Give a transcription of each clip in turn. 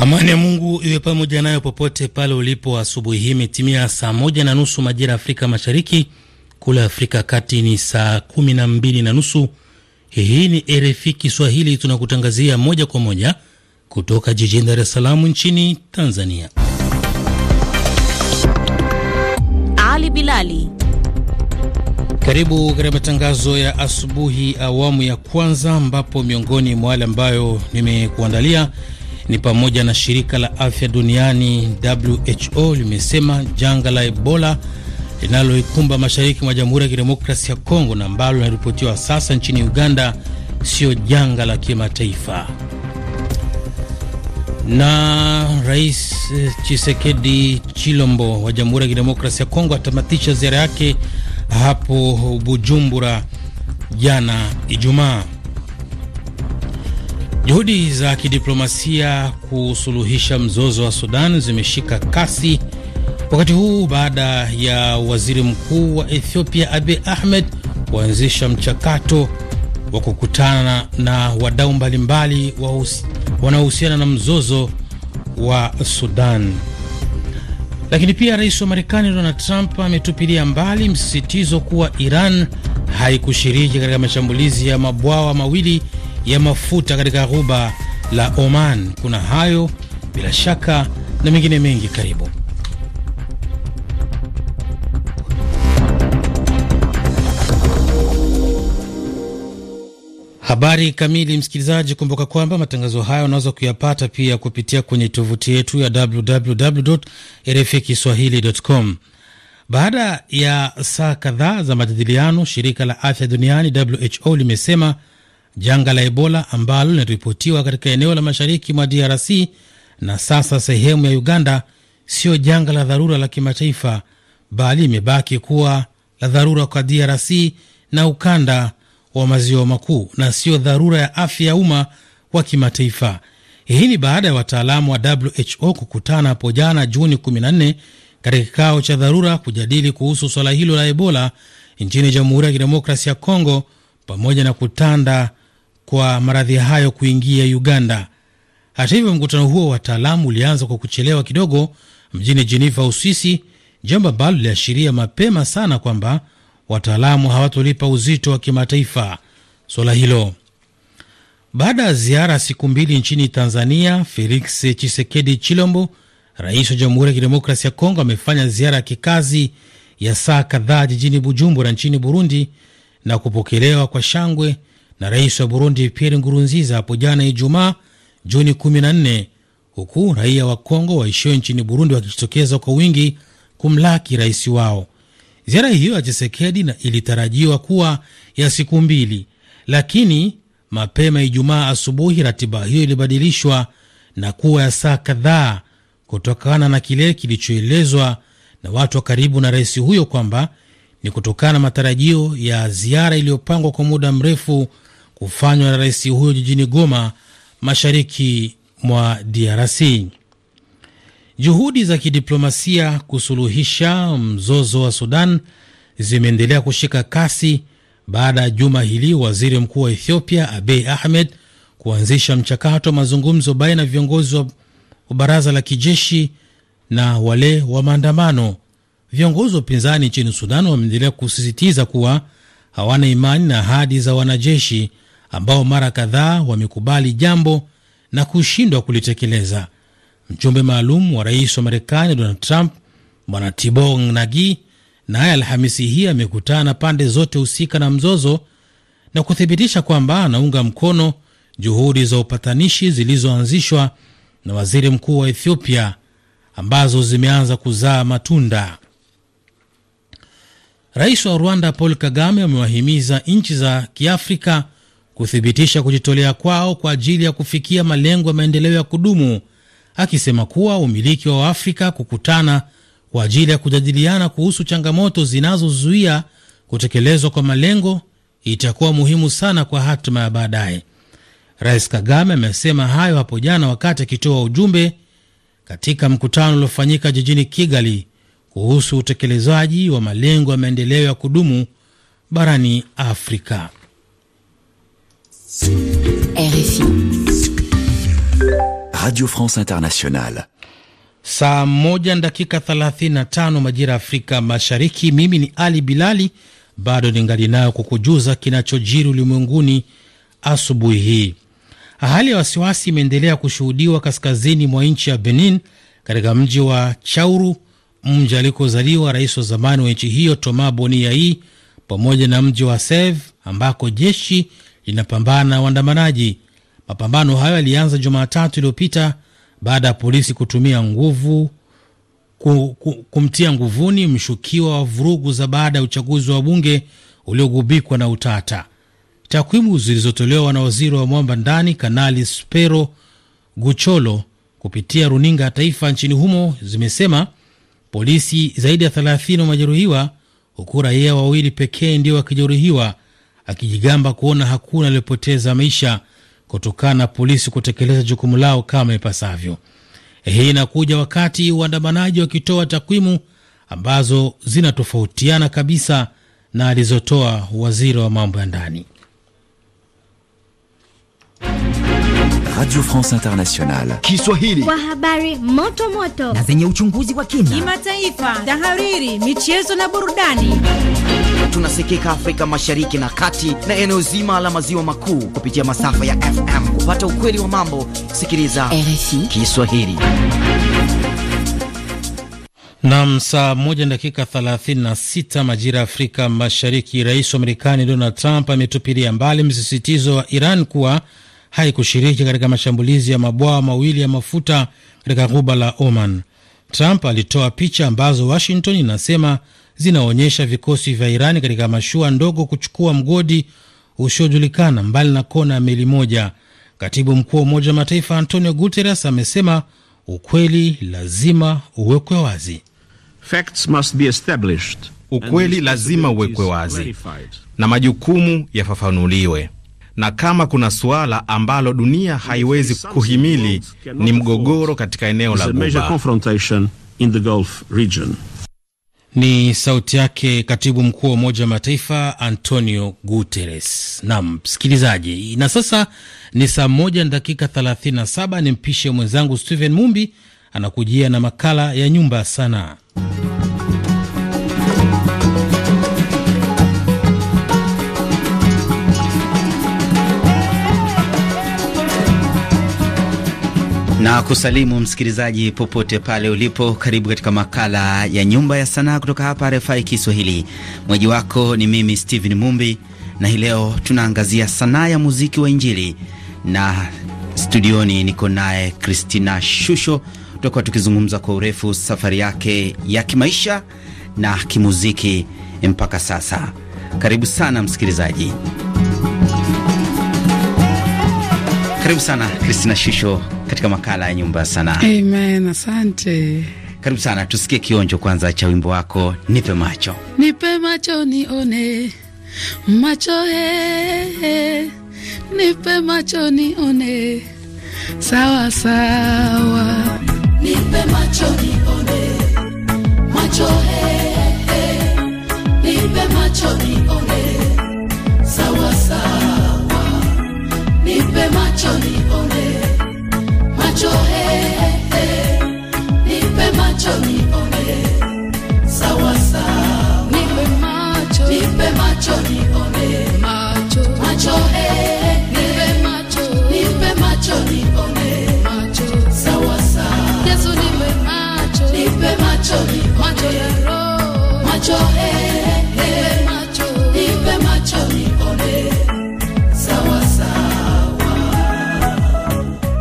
Amani ya Mungu iwe pamoja nayo popote pale ulipo. Asubuhi hii imetimia saa moja na nusu majira ya Afrika Mashariki, kule Afrika Kati ni saa kumi na mbili na nusu. Hii ni RFI Kiswahili, tunakutangazia moja kwa moja kutoka jijini Dar es Salaam nchini Tanzania. Ali Bilali, karibu katika matangazo ya asubuhi awamu ya kwanza, ambapo miongoni mwa wale ambayo nimekuandalia ni pamoja na shirika la afya duniani WHO limesema janga la Ebola linaloikumba mashariki mwa Jamhuri ya Kidemokrasia ya Kongo na ambalo linaripotiwa sasa nchini Uganda sio janga la kimataifa. Na Rais Chisekedi Chilombo wa Jamhuri ya Kidemokrasia ya Kongo atamatisha ziara yake hapo Bujumbura jana Ijumaa. Juhudi za kidiplomasia kusuluhisha mzozo wa Sudan zimeshika kasi wakati huu baada ya waziri mkuu wa Ethiopia Abiy Ahmed kuanzisha mchakato wa kukutana na wadau mbalimbali wanaohusiana na mzozo wa Sudan. Lakini pia rais wa Marekani Donald Trump ametupilia mbali msisitizo kuwa Iran haikushiriki katika mashambulizi ya mabwawa mawili ya mafuta katika ghuba la Oman. Kuna hayo bila shaka na mengine mengi, karibu Habari kamili, msikilizaji. Kumbuka kwamba matangazo haya unaweza kuyapata pia kupitia kwenye tovuti yetu ya www RFI kiswahilicom. Baada ya saa kadhaa za majadiliano, shirika la afya duniani WHO limesema janga la Ebola ambalo linaripotiwa katika eneo la mashariki mwa DRC na sasa sehemu ya Uganda, sio janga la dharura la kimataifa, bali imebaki kuwa la dharura kwa DRC na ukanda wa maziwa makuu na sio dharura ya afya ya umma wa kimataifa. Hii ni baada ya wataalamu wa WHO kukutana hapo jana Juni 14 katika kikao cha dharura kujadili kuhusu swala hilo la Ebola nchini Jamhuri ya Kidemokrasia ya Kongo pamoja na kutanda kwa maradhi hayo kuingia Uganda. Hata hivyo, mkutano huo wa wataalamu ulianza kwa kuchelewa kidogo mjini Jeneva, Uswisi, jambo ambalo liliashiria mapema sana kwamba wataalamu hawatolipa uzito wa kimataifa swala hilo. Baada ya ziara ya siku mbili nchini Tanzania, Felix Chisekedi Chilombo, rais wa Jamhuri ya Kidemokrasia ya Kongo, amefanya ziara ya kikazi ya saa kadhaa jijini Bujumbura nchini Burundi na kupokelewa kwa shangwe na rais wa Burundi Pierre Ngurunziza hapo jana Ijumaa Juni 14, huku raia wa Kongo waishio nchini Burundi wakijitokeza kwa wingi kumlaki rais wao. Ziara hiyo ya Chisekedi na ilitarajiwa kuwa ya siku mbili, lakini mapema Ijumaa asubuhi ratiba hiyo ilibadilishwa na kuwa ya saa kadhaa kutokana na kile kilichoelezwa na watu wa karibu na rais huyo kwamba ni kutokana na matarajio ya ziara iliyopangwa kwa muda mrefu kufanywa na rais huyo jijini Goma, mashariki mwa DRC. Juhudi za kidiplomasia kusuluhisha mzozo wa Sudan zimeendelea kushika kasi baada ya juma hili waziri mkuu wa Ethiopia Abiy Ahmed kuanzisha mchakato wa mazungumzo baina ya viongozi wa baraza la kijeshi na wale wa maandamano. Viongozi wa upinzani nchini Sudan wameendelea kusisitiza kuwa hawana imani na ahadi za wanajeshi ambao mara kadhaa wamekubali jambo na kushindwa kulitekeleza. Mjumbe maalum wa rais wa Marekani Donald Trump Bwana Tibong Nagi naye Alhamisi hii amekutana pande zote husika na mzozo na kuthibitisha kwamba anaunga mkono juhudi za upatanishi zilizoanzishwa na waziri mkuu wa Ethiopia ambazo zimeanza kuzaa matunda. Rais wa Rwanda Paul Kagame amewahimiza nchi za Kiafrika kuthibitisha kujitolea kwao kwa ajili ya kufikia malengo ya maendeleo ya kudumu, akisema kuwa umiliki wa Waafrika kukutana kwa ajili ya kujadiliana kuhusu changamoto zinazozuia kutekelezwa kwa malengo itakuwa muhimu sana kwa hatima ya baadaye. Rais Kagame amesema hayo hapo jana wakati akitoa ujumbe katika mkutano uliofanyika jijini Kigali kuhusu utekelezaji wa malengo ya maendeleo ya kudumu barani Afrika. RFI. Radio France Internationale. Saa moja na dakika 35 majira ya Afrika Mashariki. Mimi ni Ali Bilali, bado ningali nayo kukujuza kinachojiri ulimwenguni asubuhi hii. Hali ya wasiwasi imeendelea kushuhudiwa kaskazini mwa nchi ya Benin, katika mji wa Chauru, mji alikozaliwa rais wa zamani wa nchi hiyo boni Boniai, pamoja na mji wa Save ambako jeshi linapambana na waandamanaji. Mapambano hayo yalianza Jumatatu iliyopita baada ya polisi kutumia nguvu ku, ku, kumtia nguvuni mshukiwa wa vurugu za baada ya uchaguzi wa bunge uliogubikwa na utata. Takwimu zilizotolewa na waziri wa mwamba ndani Kanali Spero Gucholo kupitia runinga ya taifa nchini humo zimesema polisi zaidi ya 30 wamejeruhiwa huku raia wawili pekee ndio wakijeruhiwa akijigamba kuona hakuna aliyopoteza maisha kutokana na polisi kutekeleza jukumu lao kama ipasavyo. Hii inakuja wakati waandamanaji wakitoa takwimu ambazo zinatofautiana kabisa na alizotoa waziri wa mambo ya ndani. Radio France Internationale Kiswahili, kwa habari moto moto na zenye uchunguzi wa kina, kimataifa, tahariri, michezo na burudani tunasikika Afrika Mashariki na Kati na eneo zima la maziwa makuu kupitia masafa ya FM. Kupata ukweli wa mambo, sikiliza RFI Kiswahili. Nam, saa moja na dakika 36 majira ya Afrika Mashariki. Rais wa Marekani Donald Trump ametupilia mbali msisitizo wa Iran kuwa haikushiriki katika mashambulizi ya mabwawa mawili ya mafuta katika ghuba la Oman. Trump alitoa picha ambazo Washington inasema zinaonyesha vikosi vya Irani katika mashua ndogo kuchukua mgodi usiojulikana mbali na kona ya meli moja. Katibu mkuu wa Umoja wa Mataifa Antonio Guterres amesema ukweli lazima uwekwe wazi. Facts must be established. Ukweli lazima uwekwe wazi na majukumu yafafanuliwe, na kama kuna suala ambalo dunia haiwezi kuhimili ni mgogoro katika eneo la Ghuba. Ni sauti yake katibu mkuu wa Umoja wa Mataifa Antonio Guterres. Naam msikilizaji, na sasa ni saa moja na dakika 37. Ni mpishe mwenzangu Steven Mumbi anakujia na makala ya nyumba ya sanaa. na kusalimu msikilizaji popote pale ulipo. Karibu katika makala ya Nyumba ya Sanaa kutoka hapa RFI Kiswahili. Mweji wako ni mimi Steven Mumbi, na hii leo tunaangazia sanaa ya muziki wa Injili, na studioni niko naye Christina Shusho. Tutakuwa tukizungumza kwa urefu safari yake ya kimaisha na kimuziki mpaka sasa. Karibu sana msikilizaji. Karibu sana Kristina Shisho katika makala ya nyumba ya sanaa. Amen, asante. Karibu sana, tusikie kionjo kwanza cha wimbo wako nipe macho, nipe macho nione macho he, he. Nipe macho nione sawa sawa, nipe macho nione macho he, he. Nipe macho nione macho nione, macho he, he, nipe macho sawa sawa, nipe macho, nipe macho macho, macho he, nipe macho, nipe macho macho, sawa sawa, Yesu nipe macho, nipe macho macho ya roho, macho he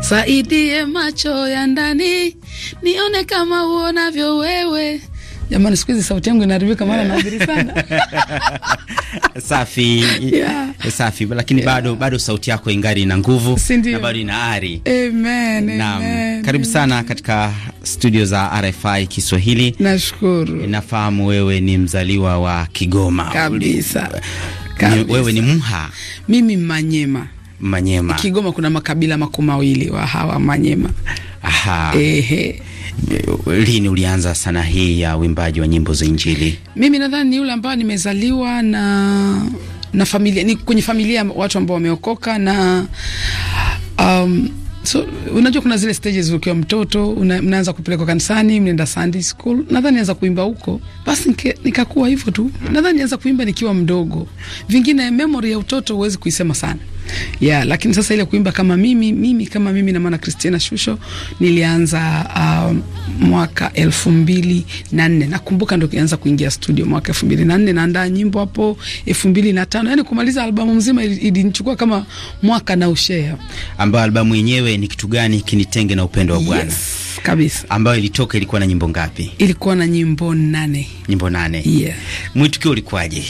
saidie macho ya ndani nione kama uonavyo wewe. Jamani, siku hizi sauti yangu inaharibika mara yeah. sana safi yeah. safi, lakini yeah. bado bado sauti yako ingari ina nguvu na bado ina ari. Amen, amen. Karibu sana katika studio za RFI Kiswahili. Nashukuru. Nafahamu wewe ni mzaliwa wa Kigoma kabisa, kabisa. Wewe ni Mha? Mimi Manyema. Manyema. Kigoma kuna makabila makuu mawili wa hawa Manyema. Aha. Ehe. Lini ulianza sana hii ya uimbaji wa nyimbo za Injili? Mimi nadhani ni yule ambayo nimezaliwa na na familia ni kwenye familia watu ambao wameokoka na um, so unajua kuna zile stages ukiwa mtoto una, mnaanza kupelekwa kanisani, mnaenda Sunday school. Nadhani nianza kuimba huko, basi nikakuwa hivyo tu. Nadhani nianza kuimba nikiwa mdogo, vingine memory ya utoto huwezi kuisema sana yeah, lakini sasa ile kuimba kama mimi mimi kama mimi na maana Christina Shusho nilianza um, mwaka elfu mbili na nne nakumbuka ndo kianza kuingia studio mwaka elfu mbili na nne naandaa nyimbo hapo elfu mbili na tano yani kumaliza albamu mzima ilinichukua kama mwaka na ushea. Ambayo albamu yenyewe ni kitu gani kinitenge na upendo wa Bwana? Yes, kabisa. Ambayo ilitoka ilikuwa na nyimbo ngapi? Ilikuwa na nyimbo nane. Nyimbo nane. Yeah. Mwitikio ulikuwaje?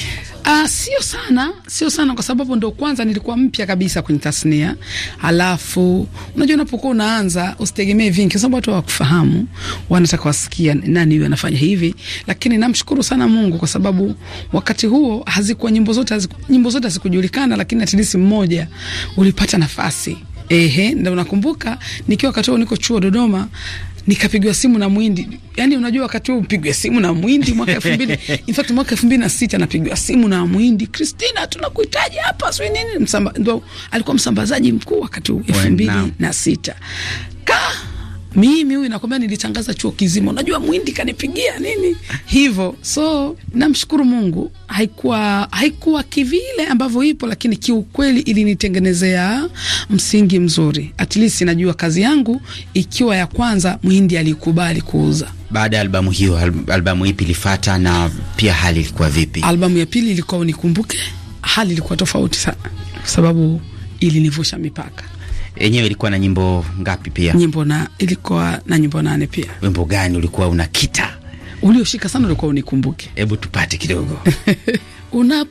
Uh, sio sana, sio sana kwa sababu ndo kwanza nilikuwa mpya kabisa kwenye tasnia. Alafu unajua unapokuwa unaanza usitegemee vingi kwa sababu watu hawakufahamu, wanataka wasikia nani huyu anafanya hivi. Lakini namshukuru sana Mungu kwa sababu wakati huo hazikuwa nyimbo zote haziku, nyimbo zote hazikujulikana, lakini at least mmoja ulipata nafasi. Ehe, ndio nakumbuka nikiwa wakati huo niko chuo Dodoma, nikapigwa simu na Mwindi. Yani unajua wakati huo mpigwe simu na Mwindi mwaka 2000 in fact mwaka sita napigwa simu na Mwindi, Kristina, tunakuhitaji hapa sio nini. Msamba, ndo alikuwa msambazaji mkuu wakati huo 2006 ka mimi huyu nakwambia, nilitangaza chuo kizima, unajua mwindi kanipigia nini hivyo. So namshukuru Mungu, haikuwa haikuwa kivile ambavyo ipo, lakini kiukweli ilinitengenezea msingi mzuri. At least najua kazi yangu ikiwa ya kwanza, mwindi alikubali kuuza. Baada ya albamu hiyo, albamu ipi ilifata na pia hali ilikuwa vipi? Albamu ya pili ilikuwa Unikumbuke. Hali ilikuwa tofauti sana, kwa sababu ilinivusha mipaka yenyewe ilikuwa na nyimbo ngapi? Pia nyimbo na ilikuwa na nyimbo nane. Pia wimbo gani ulikuwa unakita ulioshika sana ulikuwa unikumbuke? Hebu tupate kidogo Unap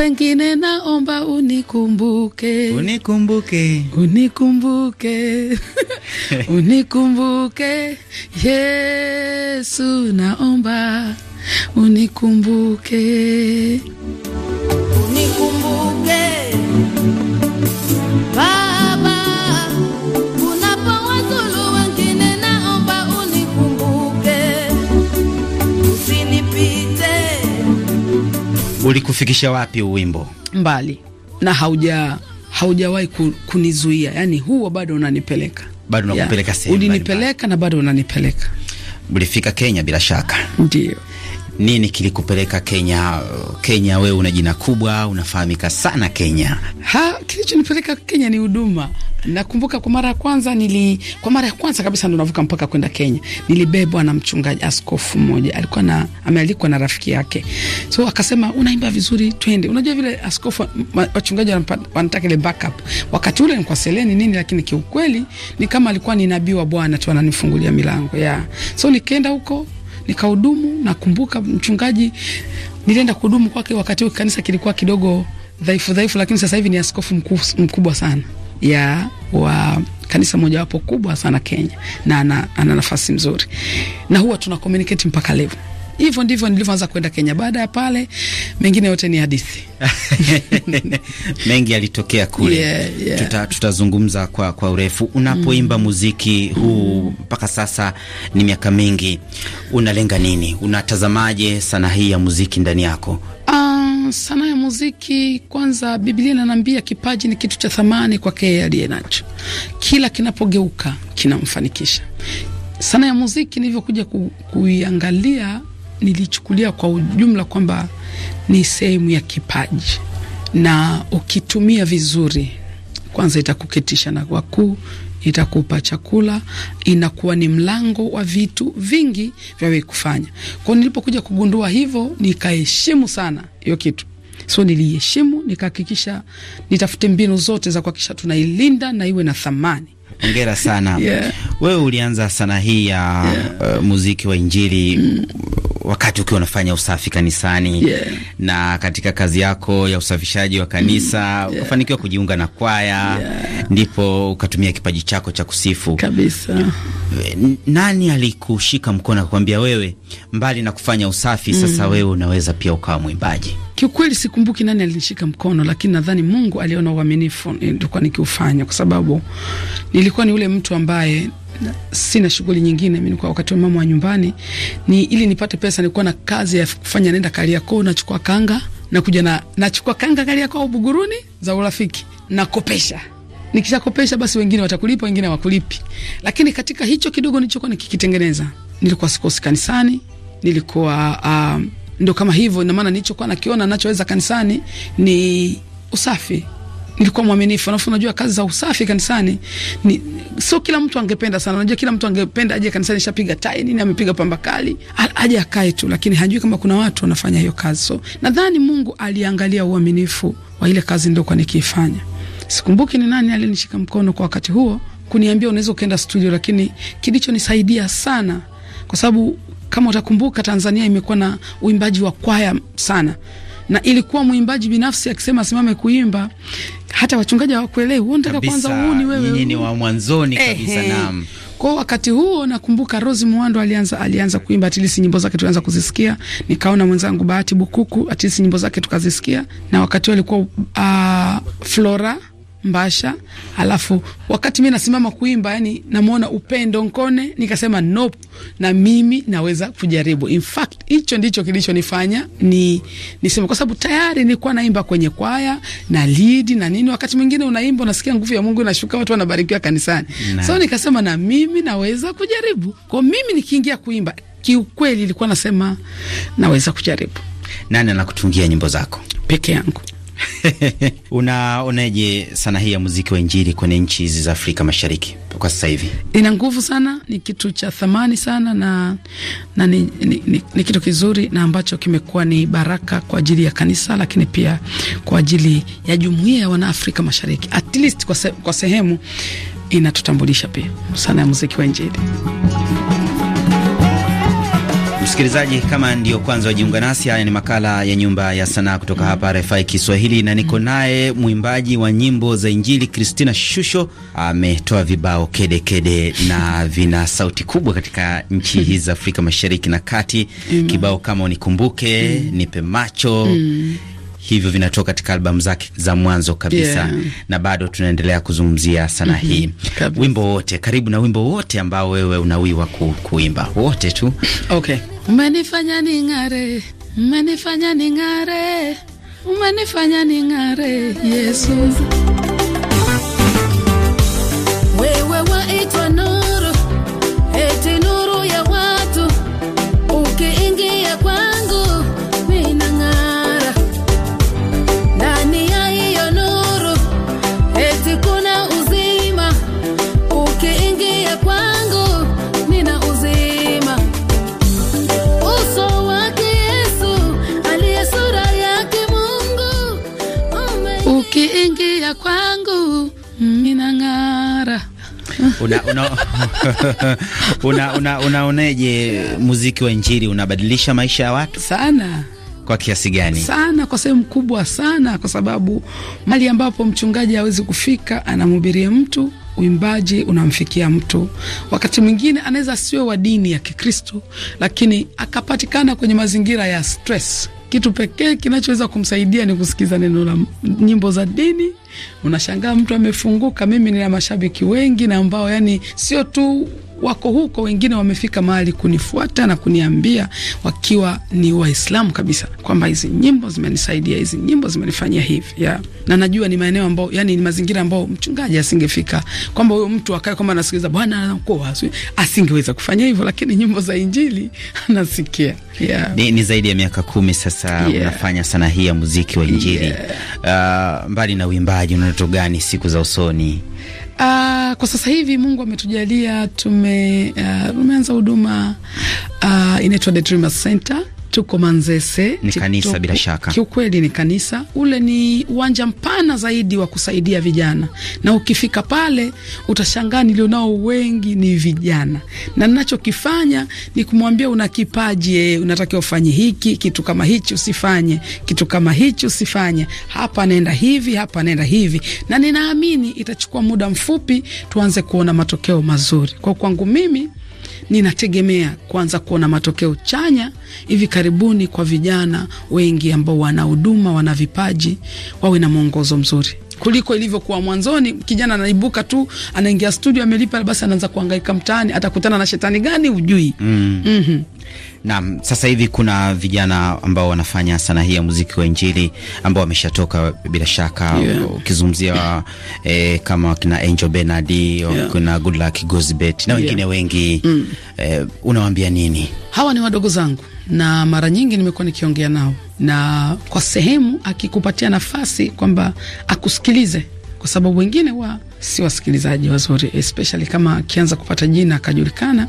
Pengine naomba unikumbuke, unikumbuke, unikumbuke, unikumbuke Yesu, naomba unikumbuke. Ulikufikisha wapi uwimbo? Mbali na hauja haujawahi kunizuia, yani huo bado unanipeleka, bado unakupeleka sehemu, ulinipeleka na bado unanipeleka. Ulifika Kenya bila shaka, ndio nini kilikupeleka Kenya? Kenya wewe una jina kubwa, unafahamika sana Kenya. Ha, kilichonipeleka Kenya ni huduma. Nakumbuka kwa mara ya kwanza nili, kwa mara ya kwanza kabisa ndo navuka mpaka kwenda Kenya, nilibebwa na mchungaji askofu mmoja, alikuwa na amealikwa na rafiki yake, so akasema unaimba vizuri, twende. Unajua vile askofu wachungaji wanataka ile backup. Wakati ule nilikuwa seleni nini, lakini kiukweli ni kama alikuwa ni nabii wa Bwana tu ananifungulia milango ya yeah. so nikaenda huko nikahudumu. Nakumbuka mchungaji, nilienda kuhudumu kwake, wakati huo kanisa kilikuwa kidogo dhaifu dhaifu, lakini sasa hivi ni askofu mkuu mkubwa sana ya wa kanisa mojawapo kubwa sana Kenya, na ana, ana nafasi nzuri na huwa tuna communicate mpaka leo. Hivyo ndivyo nilivyoanza kwenda Kenya. Baada ya pale, mengine yote ni hadithi. Mengi yalitokea kule. Yeah, yeah. Tuta, tutazungumza kwa, kwa urefu. Unapoimba mm. muziki huu mpaka mm. sasa ni miaka mingi, unalenga nini? Unatazamaje sanaa hii ya muziki ndani yako? Ah, sanaa ya muziki kwanza, Biblia inaniambia kipaji ni kitu cha thamani kwake aliye nacho, kila kinapogeuka kinamfanikisha. Sanaa ya muziki nilivyokuja ku, kuiangalia nilichukulia kwa ujumla kwamba ni sehemu ya kipaji, na ukitumia vizuri, kwanza itakuketisha na wakuu, itakupa chakula, inakuwa ni mlango wa vitu vingi vya wewe kufanya. Kwao nilipokuja kugundua hivyo, nikaheshimu sana hiyo kitu so niliheshimu, nikahakikisha nitafute mbinu zote za kuhakikisha tunailinda na iwe na thamani. Hongera sana yeah. Wewe ulianza sana hii ya yeah. uh, muziki wa Injili mm wakati ukiwa unafanya usafi kanisani yeah. na katika kazi yako ya usafishaji wa kanisa mm, yeah. ukafanikiwa kujiunga na kwaya yeah. ndipo ukatumia kipaji chako cha kusifu kabisa. Nani alikushika mkono akakwambia wewe, mbali na kufanya usafi mm. sasa wewe unaweza pia ukawa mwimbaji? Kiukweli sikumbuki nani alinishika mkono, lakini nadhani Mungu aliona uaminifu nilikuwa nikiufanya, kwa sababu nilikuwa ni ule mtu ambaye na, sina shughuli nyingine mimi. Kwa wakati wa mama wa nyumbani ni ili nipate pesa, nilikuwa na kazi ya kufanya, naenda Kariakoo nachukua kanga na kuja na nachukua kanga Kariakoo Buguruni za urafiki nakopesha nikishakopesha basi, wengine watakulipa, wengine hawakulipi. Lakini katika hicho kidogo nilichokuwa nikikitengeneza, nilikuwa sikosi kanisani, nilikuwa uh, ndo kama hivyo. Ina maana nilichokuwa nakiona nachoweza kanisani ni usafi nilikuwa mwaminifu. Alafu unajua kazi za usafi kanisani ni sio kila mtu angependa sana. Unajua kila mtu angependa aje kanisani, shapiga tai nini, amepiga pamba kali, aje akae tu, lakini hajui kama kuna watu wanafanya hiyo kazi. So nadhani Mungu aliangalia uaminifu wa ile kazi ndio kwa nikiifanya. Sikumbuki ni nani alinishika mkono kwa wakati huo kuniambia unaweza ukaenda studio, lakini kilichonisaidia sana kwa sababu kama utakumbuka, Tanzania imekuwa na uimbaji wa kwaya sana, na ilikuwa mwimbaji binafsi akisema asimame kuimba hata wachungaji hawakuelewi, unataka kwanza uuni wewe, nyinyi ni wa mwanzoni kabisa. Naam, kwa wakati huo nakumbuka Rose Muhando alianza alianza kuimba atilisi, nyimbo zake tulianza kuzisikia, nikaona mwenzangu Bahati Bukuku atilisi, nyimbo zake tukazisikia, na wakati huo alikuwa uh, Flora Mbasha, alafu wakati mi nasimama kuimba, yani namwona Upendo Nkone, nikasema nope, na mimi naweza kujaribu. In fact hicho ndicho kilichonifanya ni nisema, kwa sababu tayari nilikuwa naimba kwenye kwaya na lead na nini. Wakati mwingine unaimba unasikia nguvu ya Mungu inashuka, watu wanabarikiwa kanisani na. So nikasema na mimi naweza kujaribu. Kwa mimi nikiingia kuimba, kiukweli ilikuwa nasema naweza kujaribu. Nani anakutungia nyimbo zako? Peke yangu. Unaoneje sana hii ya muziki wa injili kwenye nchi hizi za Afrika Mashariki kwa sasa hivi? Ina nguvu sana, ni kitu cha thamani sana na, na ni, ni, ni, ni kitu kizuri na ambacho kimekuwa ni baraka kwa ajili ya kanisa, lakini pia kwa ajili ya jumuiya ya wanaafrika Mashariki. At least kwa, se, kwa sehemu inatutambulisha pia sana ya muziki wa injili. Msikilizaji, kama ndio kwanza wajiunga nasi, haya ni makala ya Nyumba ya Sanaa kutoka hapa RFI Kiswahili, na niko naye mwimbaji wa nyimbo za Injili Kristina Shusho. Ametoa vibao kedekede kede na vina sauti kubwa katika nchi hizi za Afrika Mashariki na Kati. Mm. Kibao kama unikumbuke, mm. nipe macho mm. hivyo vinatoka katika albamu zake za mwanzo kabisa yeah. Na bado tunaendelea kuzungumzia sanaa mm -hmm. hii Wimbo wote karibu na wimbo wote ambao wewe unawiwa ku, kuimba wote tu okay. Umenifanya ng'are, umenifanya ning'are, umenifanya ning'are Yesu. Unaoneje una, una, una muziki wa injili unabadilisha maisha ya watu sana? Kwa kiasi gani? Sana, kwa sehemu kubwa sana, kwa sababu mali ambapo mchungaji hawezi kufika, anamhubiria mtu uimbaji unamfikia mtu. Wakati mwingine anaweza asiwe wa dini ya Kikristo, lakini akapatikana kwenye mazingira ya stress, kitu pekee kinachoweza kumsaidia ni kusikiza neno la nyimbo za dini Unashangaa mtu amefunguka. Mimi nina mashabiki wengi na ambao yani sio tu wako huko, wengine wamefika mahali kunifuata na kuniambia wakiwa ni Waislamu kabisa kwamba hizi nyimbo zimenisaidia, hizi nyimbo zimenifanyia hivi ya. Na najua ni maeneo ambao yani ni mazingira ambao mchungaji asingefika, kwamba huyo mtu akae kwamba anasikiliza Bwana anaokoa, asingeweza kufanya hivyo, lakini nyimbo za Injili anasikia yeah. Ni, ni zaidi ya miaka kumi sasa yeah. Unafanya sanaa hii ya muziki wa Injili yeah. Uh, mbali na uimbaji unajiandaje? Una ndoto gani siku za usoni? Uh, kwa sasa hivi Mungu ametujalia tume, uh, ah, umeanza huduma uh, inaitwa The Dreamer Center tuko Manzese, ni kanisa bila shaka. Kiukweli ni kanisa, ule ni uwanja mpana zaidi wa kusaidia vijana, na ukifika pale utashangaa nilionao wengi ni vijana, na ninachokifanya ni kumwambia una kipaji, eh, unatakiwa ufanye hiki kitu, kama hichi usifanye kitu, kama hichi usifanye, hapa nenda hivi, hapa nenda hivi, na ninaamini itachukua muda mfupi tuanze kuona matokeo mazuri. Kwa kwangu mimi ninategemea kwanza kuona matokeo chanya hivi karibuni kwa vijana wengi ambao wana huduma, wana vipaji, wawe na mwongozo mzuri kuliko ilivyokuwa mwanzoni. Kijana anaibuka tu anaingia studio amelipa, basi anaanza kuangaika mtaani, atakutana na shetani gani hujui. mm. mm -hmm. Naam, sasa hivi kuna vijana ambao wanafanya sanaa hii ya muziki wa injili ambao wameshatoka bila shaka, ukizungumzia yeah. eh, kama kina Angel Benard yeah. kuna Goodluck Gozbert na wengine yeah. wengi mm. eh, unawaambia nini? Hawa ni wadogo zangu na mara nyingi nimekuwa nikiongea nao, na kwa sehemu akikupatia nafasi kwamba akusikilize kwa sababu wengine wa si wasikilizaji wazuri, especially kama akianza kupata jina akajulikana,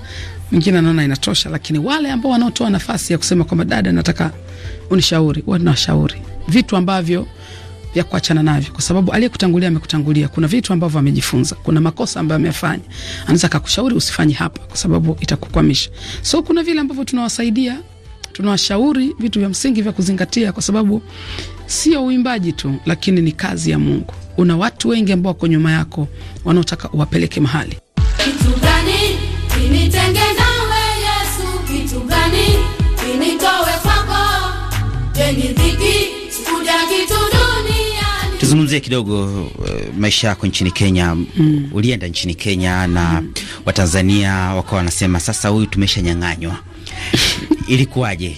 mwingine anaona inatosha, lakini wale ambao wanaotoa nafasi ya kusema kwamba dada, nataka unishauri, huwa nawashauri vitu ambavyo vya kuachana navyo, kwa sababu aliyekutangulia amekutangulia. Kuna vitu ambavyo amejifunza, kuna makosa ambayo amefanya, anaweza akakushauri usifanye hapa, kwa sababu itakukwamisha. So kuna vile ambavyo tunawasaidia, tunawashauri vitu vya msingi vya kuzingatia, kwa sababu sio uimbaji tu, lakini ni kazi ya Mungu. Una watu wengi ambao wako nyuma yako wanaotaka uwapeleke mahali kitu gani? Tuzungumzie kidogo uh, maisha yako nchini Kenya mm. Ulienda nchini Kenya na mm. Watanzania wakawa wanasema sasa huyu tumeshanyang'anywa ilikuwaje?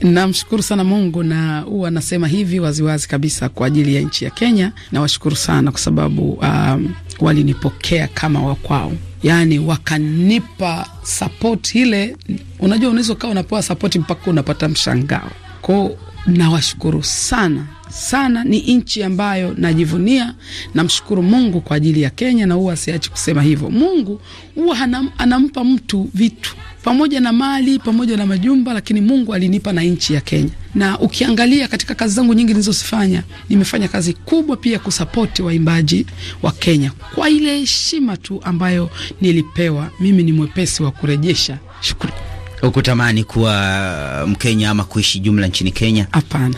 Namshukuru sana Mungu na huwa anasema hivi waziwazi wazi kabisa kwa ajili ya nchi ya Kenya. Nawashukuru sana kwa sababu um, walinipokea kama wakwao yani wakanipa support ile. Unajua, unaweza ukawa unapewa support mpaka unapata mshangao kwao. Nawashukuru sana sana, ni nchi ambayo najivunia. Namshukuru Mungu kwa ajili ya Kenya, na huwa siachi kusema hivyo. Mungu huwa anampa mtu vitu pamoja na mali pamoja na majumba, lakini Mungu alinipa na nchi ya Kenya. Na ukiangalia katika kazi zangu nyingi nilizozifanya, nimefanya kazi kubwa pia kusapoti waimbaji wa Kenya kwa ile heshima tu ambayo nilipewa. Mimi ni mwepesi wa kurejesha shukrani. Ukutamani kuwa Mkenya ama kuishi jumla nchini Kenya? Hapana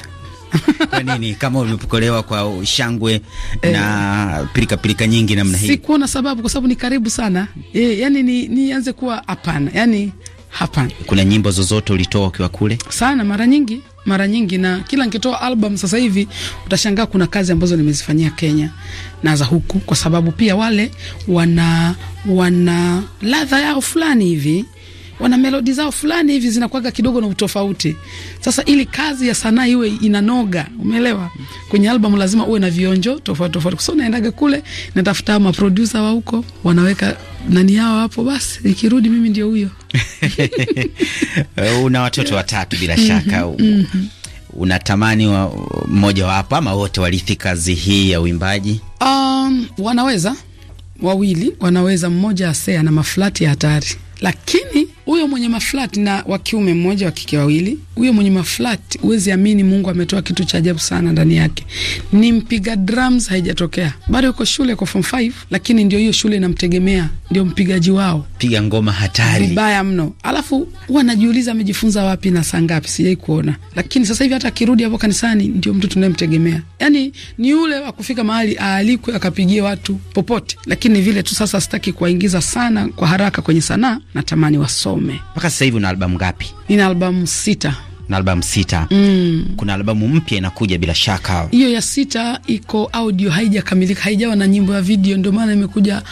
kwa nini kama umepokolewa kwa shangwe e, na eh. pilika pilika nyingi namna hii? Sikuona sababu, kwa sababu ni karibu sana e, yani ni nianze kuwa hapana, yani hapana. Kuna nyimbo zozote ulitoa ukiwa kule? Sana, mara nyingi mara nyingi, na kila nikitoa album sasa hivi utashangaa kuna kazi ambazo nimezifanyia Kenya na za huku, kwa sababu pia wale wana wana ladha yao fulani hivi wana melodi zao fulani hivi zinakuwaga kidogo na utofauti. Sasa ili kazi ya sanaa iwe inanoga, umeelewa, kwenye albamu lazima uwe na vionjo tofauti tofauti. Kwa sababu naendaga kule natafuta ma producer wa huko wanaweka nani yao hapo, basi nikirudi mimi ndio huyo. Una watoto watatu bila mhm, shaka mhm. unatamani wa, mmoja wapo ama wote kazi hii ya uimbaji? Um, wanaweza wawili, wanaweza mmoja asee, ana maflati ya hatari, lakini huyo mwenye maflat na wa kiume mmoja wa kike wawili. Huyo mwenye maflat, huwezi amini, Mungu ametoa kitu cha ajabu sana ndani yake. Ni mpiga drums, haijatokea bado, yuko shule kwa form 5, lakini ndio hiyo shule inamtegemea, ndio mpigaji wao, piga ngoma hatari vibaya mno. Alafu huwa najiuliza amejifunza wapi na saa ngapi, sijai kuona. Lakini sasa hivi hata akirudi hapo kanisani, ndio mtu tunayemtegemea, yani ni yule wa kufika mahali aalikwe akapigie watu popote. Lakini vile tu sasa, sitaki kuwaingiza sana kwa haraka kwenye sanaa, natamani waso nikasome. Mpaka sasa hivi una albamu ngapi? Nina albamu sita kuna albamu sita mm. Kuna albamu mpya inakuja bila shaka, hiyo ya sita iko audio, haijakamilika, haijawa na nyimbo ya video, ndio maana imekuja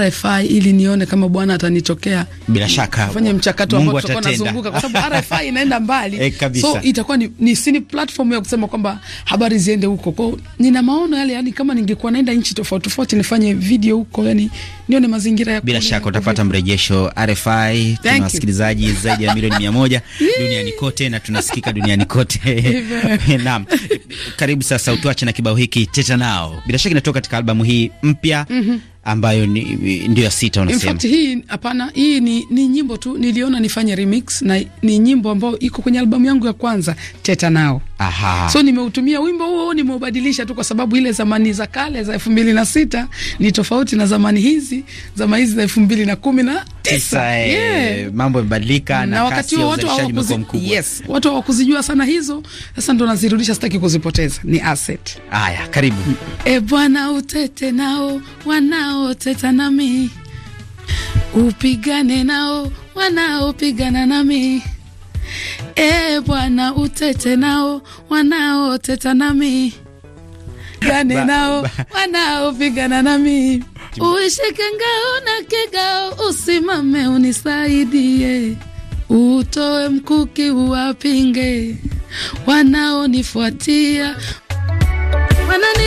RFI ili nione kama Bwana atanitokea bila shaka, fanye mchakato ambao tutakuwa tunazunguka, kwa sababu RFI inaenda mbali e, So itakuwa ni, ni sini platform ya kusema kwamba habari ziende huko Kwa Nina maono yale, yani kama ningekuwa naenda nchi tofauti tofauti nifanye video huko, yani nione mazingira ya bila shaka utapata mrejesho. RFI tuna wasikilizaji zaidi ya milioni 100 duniani kote na tuna kusikika duniani kote. Naam, karibu sasa, utuache na kibao hiki Cheza Nao, bila shaka inatoka katika albamu hii mpya mm -hmm ambayo ni, ndio ya sita unasema. In fact hii hapana, hii ni, ni nyimbo tu niliona nifanye remix na ni nyimbo ambayo iko kwenye albamu yangu ya kwanza Teta Nao. Aha. So nimeutumia wimbo huo nimeubadilisha tu kwa sababu ile zamani za kale za elfu mbili na sita ni tofauti na zamani hizi zama hizi za elfu mbili na kumi na tisa. Eh, yeah. Mambo yamebadilika na, na wakati huo watu hawakuzi, yes, watu hawakuzijua sana hizo. Sasa ndo nazirudisha, sitaki kuzipoteza, ni asset. Aya, karibu. E bwana, utete nao wanao nao, teta nami, upigane nao wanaopigana nami. E Bwana, utete nao wanaoteta nami, gane nao wanaopigana nami, uishike ngao na kigao, usimame unisaidie, utoe mkuki uwapinge wanaonifuatia wanani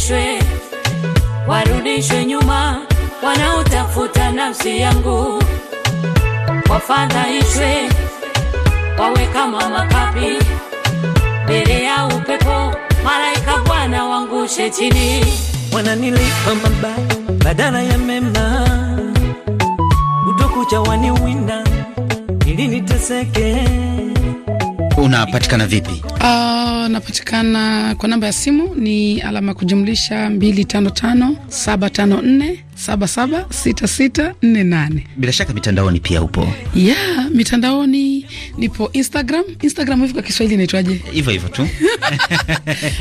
warudishwe, warudishwe nyuma, wanaotafuta nafsi yangu wafadhaishwe, wawe kama makapi mbele ya upepo, malaika Bwana wangushe chini. Wananilipa mabaya badala ya mema, kutokucha waniwinda ili niteseke unapatikana vipi? Uh, napatikana kwa namba ya simu ni alama kujumlisha 255 4 8 Bila shaka mitandaoni pia upo? Yeah, mitandaoni nipo Instagram. Instagram hivi kwa Kiswahili inaitwaje? Hivyo hivyo tu.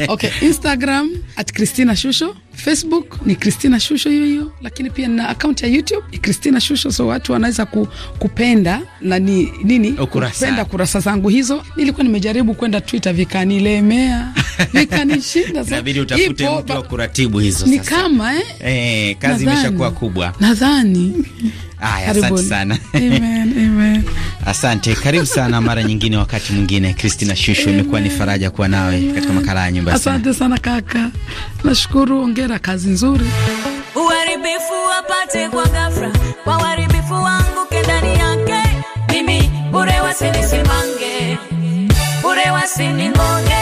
Okay, Instagram at Christina Shusho. Facebook ni Christina Shusho hiyo hiyo, lakini pia na akaunti ya YouTube ni Christina Shusho, so watu wanaweza ku, kupenda na ni, nini ukurasa. Kupenda kurasa zangu hizo. Nilikuwa nimejaribu kwenda Twitter vikanilemea sasa. Inabidi utafute mtu wa kuratibu hizo sasa. Ni kama eh, eh kazi imeshakuwa kubwa nadhani Aya, asante sana. Amen, amen. Asante, karibu sana mara nyingine, wakati mwingine. Christina Shushu, imekuwa ni faraja kuwa nawe katika makala ya nyumba. Asante sana kaka, nashukuru. Ongera, kazi nzuri. Uharibifu wapate kwa ghafla, kwa uharibifu wangu kendani yake, mimi bure wasinisimange, bure wasinigonge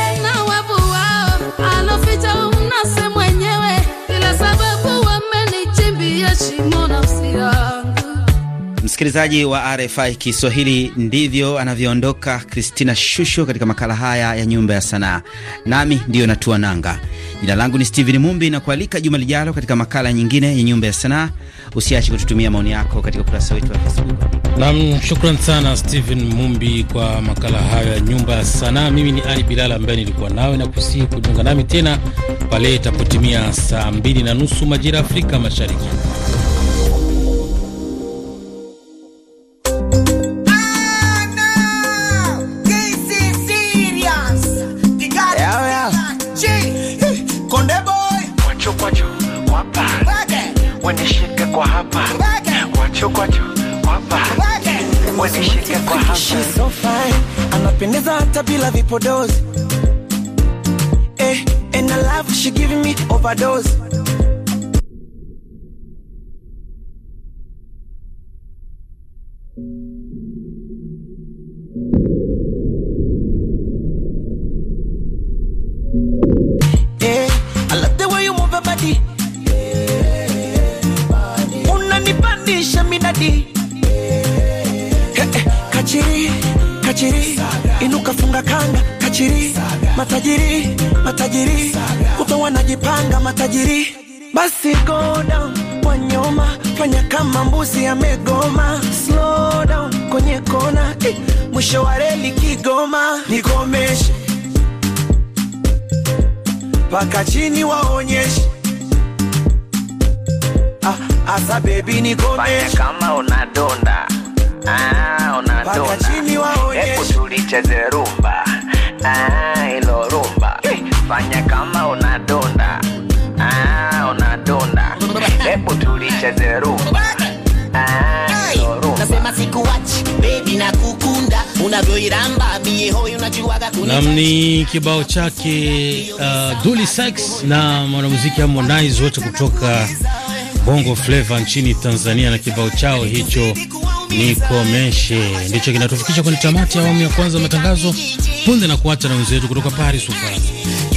aloficha, mnase mwenyewe, bila sababu wamenichimbia shimo Msikilizaji wa RFI Kiswahili, ndivyo anavyoondoka Christina Shusho katika makala haya ya Nyumba ya Sanaa, nami ndiyo natua nanga. Jina langu ni Steven Mumbi na kualika juma lijalo katika makala nyingine ya Nyumba ya Sanaa. Usiache kututumia maoni yako katika ukurasa wetu wa Facebook. Nam, shukran sana Steven Mumbi kwa makala hayo ya Nyumba ya Sanaa. Mimi ni Ali Bilal ambaye nilikuwa nawe na kusihi kujiunga nami tena pale itapotimia saa mbili na nusu majira ya Afrika Mashariki. kwa juu kwapa wanishike kwa hapa kwa juu kwapa wanishike kwa hapa anapendeza hata bila vipodozi eh, and I love she giving me overdose wanajipanga matajiri, basi go down kwa nyoma, fanya kama mbuzi ya megoma, slow down kwenye kona eh, mwisho wa reli Kigoma, nikomeshe paka chini waonyeshe ah, asa baby nikomeshe kama unadonda ah, unadonda, paka chini waonyeshe, hebu tulicheze rumba ah, fanya kama unadonda ah, unadonda hebu tulicheze rumba nam ni kibao chake uh, Dully na mwanamuziki Harmonize wote kutoka Bongo Flava nchini Tanzania na kibao chao hicho nikomeshe, ndicho kinatufikisha kwenye tamati ya awamu ya kwanza matangazo punde na kuacha na wenzetu kutoka Paris, Ufaransa.